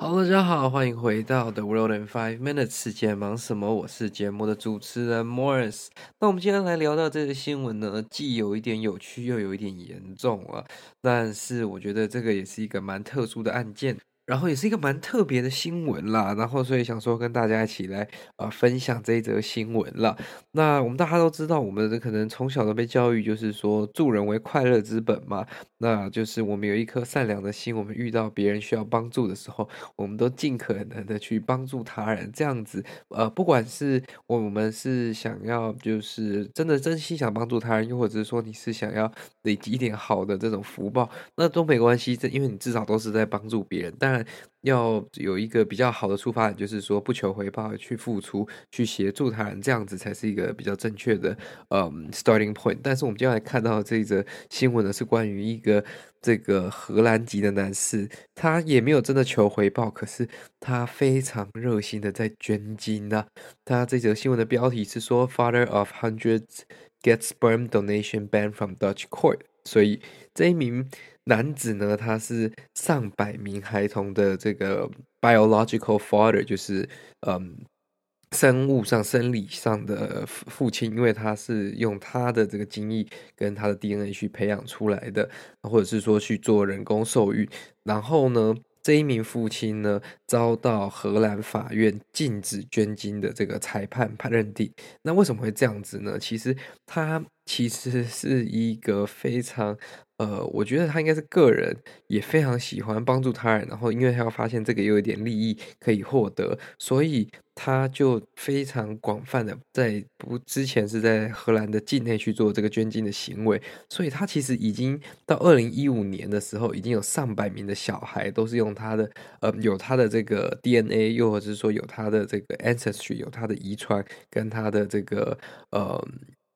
好的，大家好，歡迎回到 The World in Five Minutes 世界忙什麼？我是節目的主持人 Morris。那我們今天來聊到這個新聞呢，既有一點有趣，又有一點嚴重啊。但是我覺得這個也是一個蠻特殊的案件。然後也是一個蠻特別的新聞啦，然後所以想說跟大家一起來啊、呃、分享這一則新聞啦。那我們大家都知道，我們可能從小都被教育，就是說助人為快樂之本嘛。那就是我們有一顆善良的心，我們遇到別人需要幫助的時候，我們都盡可能的去幫助他人。這樣子，呃，不管是我們是想要就是真的真心想幫助他人，又或者是說你是想要累積一點好的這種福報，那都沒關係，這因為你至少都是在幫助別人。當然。要有一個比較好的出發點，就是說不求回報去付出、去協助他人，這樣子才是一個比較正確的，嗯、um,，starting point。但是我們接下來看到這則新聞呢，是關於一個這個荷蘭籍的男士，他也沒有真的求回報，可是他非常熱心的在捐精吶、啊。他這則新聞的標題是說，Father of Hundreds Gets sperm donation banned from Dutch court。所以這一名男子呢，他是上百名孩童的這個 biological father，就是嗯生物上、生理上的父父親，因為他是用他的這個精液跟他的 DNA 去培養出來的，或者是說去做人工受孕。然後呢，這一名父親呢，遭到荷蘭法院禁止捐精的這個裁判判認定。那為什麼會這樣子呢？其實他。其實是一個非常呃，我覺得他應該是個人也非常喜歡幫助他人，然後因為他發現這個有一點利益可以獲得，所以他就非常廣泛的在不之前是在荷蘭的境內去做這個捐精的行為，所以他其實已經到二零一五年的時候，已經有上百名的小孩都是用他的呃有他的這個 DNA，又或者是說有他的這個 ancestry，有他的遺傳跟他的這個呃。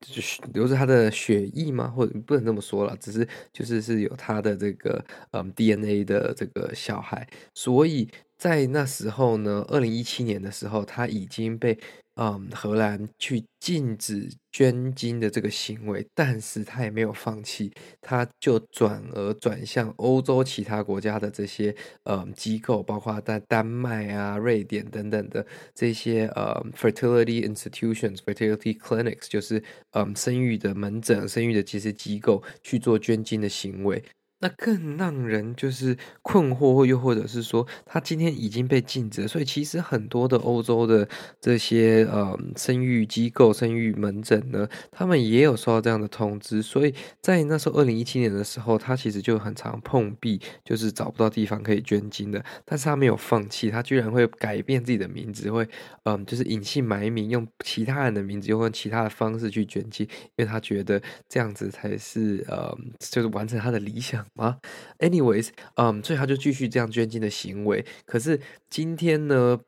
就是留着他的血液嗎？或者不能這麼說了，只是就是是有他的這個嗯 DNA 的這個小孩，所以在那時候呢，二零一七年的時候，他已經被。嗯，荷蘭去禁止捐精的這個行為，但是他也沒有放棄，他就轉而轉向歐洲其他國家的這些嗯機構，包括在丹麥啊、瑞典等等的這些呃 fertility institutions、fertility clinics，就是嗯生育的門診、生育的這些機構去做捐精的行為。那更讓人就是困惑，或又或者是說，他今天已經被禁止，所以其實很多的歐洲的這些呃、嗯、生育機構、生育門診呢，他們也有收到這樣的通知。所以在那時候二零一七年的時候，他其實就很常碰壁，就是找不到地方可以捐精的。但是他沒有放棄，他居然會改變自己的名字，會嗯，就是隱姓埋名，用其他人的名字，用其他的方式去捐精，因為他覺得這樣子才是呃、嗯，就是完成他的理想。啊，anyways，嗯，所以他就繼續這樣捐精的行為。可是今天呢，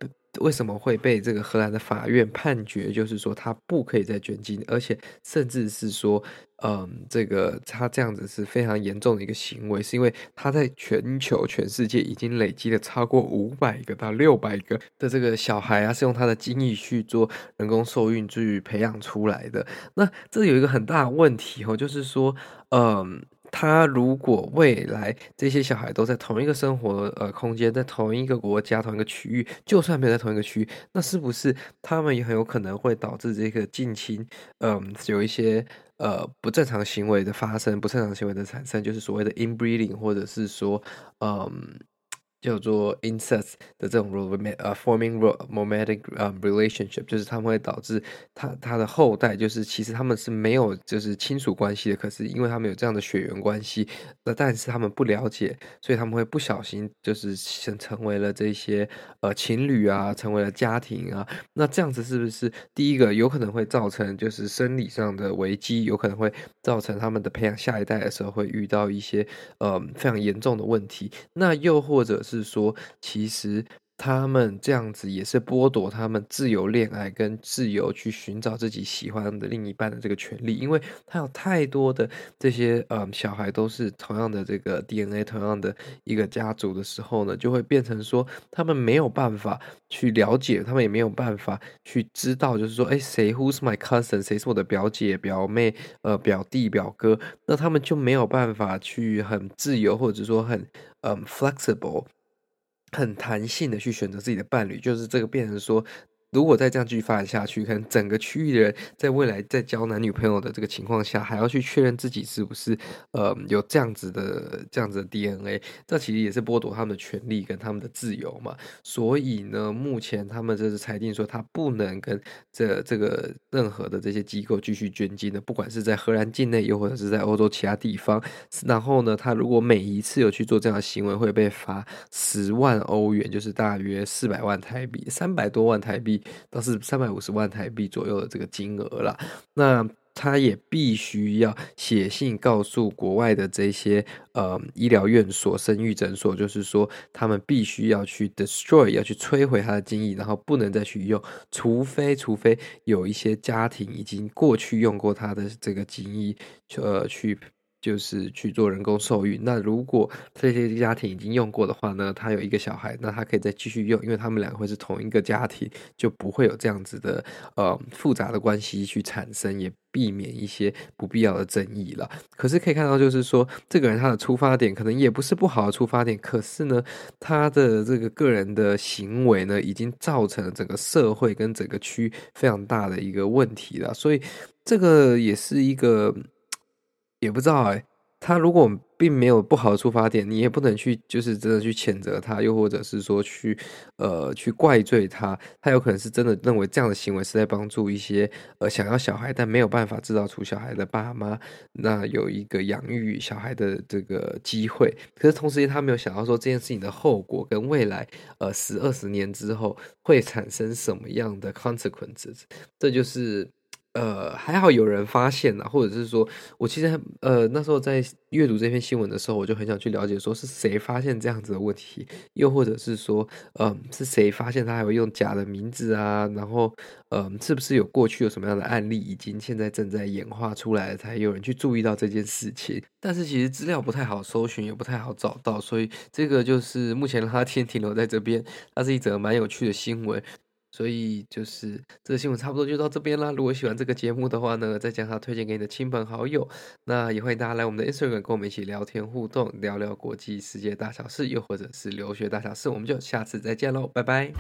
為什麼會被這個荷蘭的法院判決，就是說他不可以再捐精，而且甚至是說，嗯，這個他這樣子是非常嚴重的一個行為，是因為他在全球全世界已經累積了超過五百個到六百個的這個小孩啊，是用他的精液去做人工受孕去培養出來的。那這有一個很大的問題哦，就是說，嗯。他如果未來這些小孩都在同一個生活呃空間，在同一個國家，同一個區域，就算沒在同一個區域，那是不是他們也很有可能會導致這個近親，嗯，有一些呃不正常行為的發生，不正常行為的產生，就是所謂的 inbreeding，或者是說，嗯。叫做 incest 的這種 forming romantic relationship，就是他們會導致他他的後代，就是其實他們是沒有就是親屬關係的，可是因為他們有這樣的血緣關係，那但是他們不了解，所以他們會不小心就是成成為了這些呃情侶啊，成為了家庭啊，那這樣子是不是第一個有可能會造成就是生理上的危機，有可能會造成他們的培養下一代的時候會遇到一些呃非常嚴重的問題，那又或者是。是說，其實他們這樣子也是剝奪他們自由戀愛跟自由去尋找自己喜歡的另一半的這個權利，因為他有太多的這些，呃、嗯，小孩都是同樣的這個 DNA，同樣的一個家族的時候呢，就會變成說，他們沒有辦法去了解，他們也沒有辦法去知道，就是說，哎，誰 Who's my cousin？誰是我的表姐、表妹？呃，表弟、表哥？那他們就沒有辦法去很自由，或者說很，嗯，flexible。Flex ible, 很彈性的去選擇自己的伴侶，就是這個變成說。如果再這樣繼續發展下去，可能整個區域的人在未來在交男女朋友的這個情況下，還要去確認自己是不是呃有這樣子的這樣子的 DNA，這其實也是剝奪他們的權利跟他們的自由嘛。所以呢，目前他們這是裁定說，他不能跟這這個任何的這些機構繼續捐精的，不管是在荷蘭境內，又或者是在歐洲其他地方。然後呢，他如果每一次有去做這樣的行為，會被罰十萬歐元，就是大約四百萬台幣，三百多萬台幣。都是三百五十萬台幣左右的這個金額了，那他也必須要寫信告訴國外的這些呃醫療院所、生育診所，就是說他們必須要去 destroy，要去摧毀他的精液，然後不能再去用，除非除非有一些家庭已經過去用過他的這個精液呃，去。就是去做人工受孕。那如果這些家庭已經用過的話呢，他有一個小孩，那他可以再繼續用，因為他們兩個會是同一個家庭，就不會有這樣子的呃複雜的關係去產生，也避免一些不必要的爭議了。可是可以看到，就是說這個人他的出發點可能也不是不好的出發點，可是呢，他的這個個人的行為呢，已經造成了整個社會跟整個區非常大的一個問題了。所以這個也是一個。也不知道哎、欸，他如果並沒有不好的出發點，你也不能去就是真的去譴責他，又或者是說去呃去怪罪他。他有可能是真的認為這樣的行為是在幫助一些呃想要小孩但沒有辦法製造出小孩的爸媽，那有一個養育小孩的這個機會。可是同時，他沒有想到說這件事情的後果跟未來呃十、二十年之後會產生什麼樣的 consequences，這就是。呃，還好有人發現了、啊，或者是說我其實呃那時候在閱讀這篇新聞的時候，我就很想去了解，說是誰發現這樣子的問題，又或者是說，嗯、呃，是誰發現他還會用假的名字啊？然後，嗯、呃，是不是有過去有什麼樣的案例，已經現在正在演化出來，才有人去注意到這件事情？但是其實資料不太好搜尋，也不太好找到，所以這個就是目前他先停留在這邊。它是一則蠻有趣的新聞。所以就是這個新聞差不多就到這邊啦。如果喜歡這個節目的話呢，再將它推薦給你的親朋好友。那也歡迎大家來我們的 Instagram，跟我們一起聊天互動，聊聊國際世界大小事，又或者是留學大小事。我們就下次再見嘍，拜拜。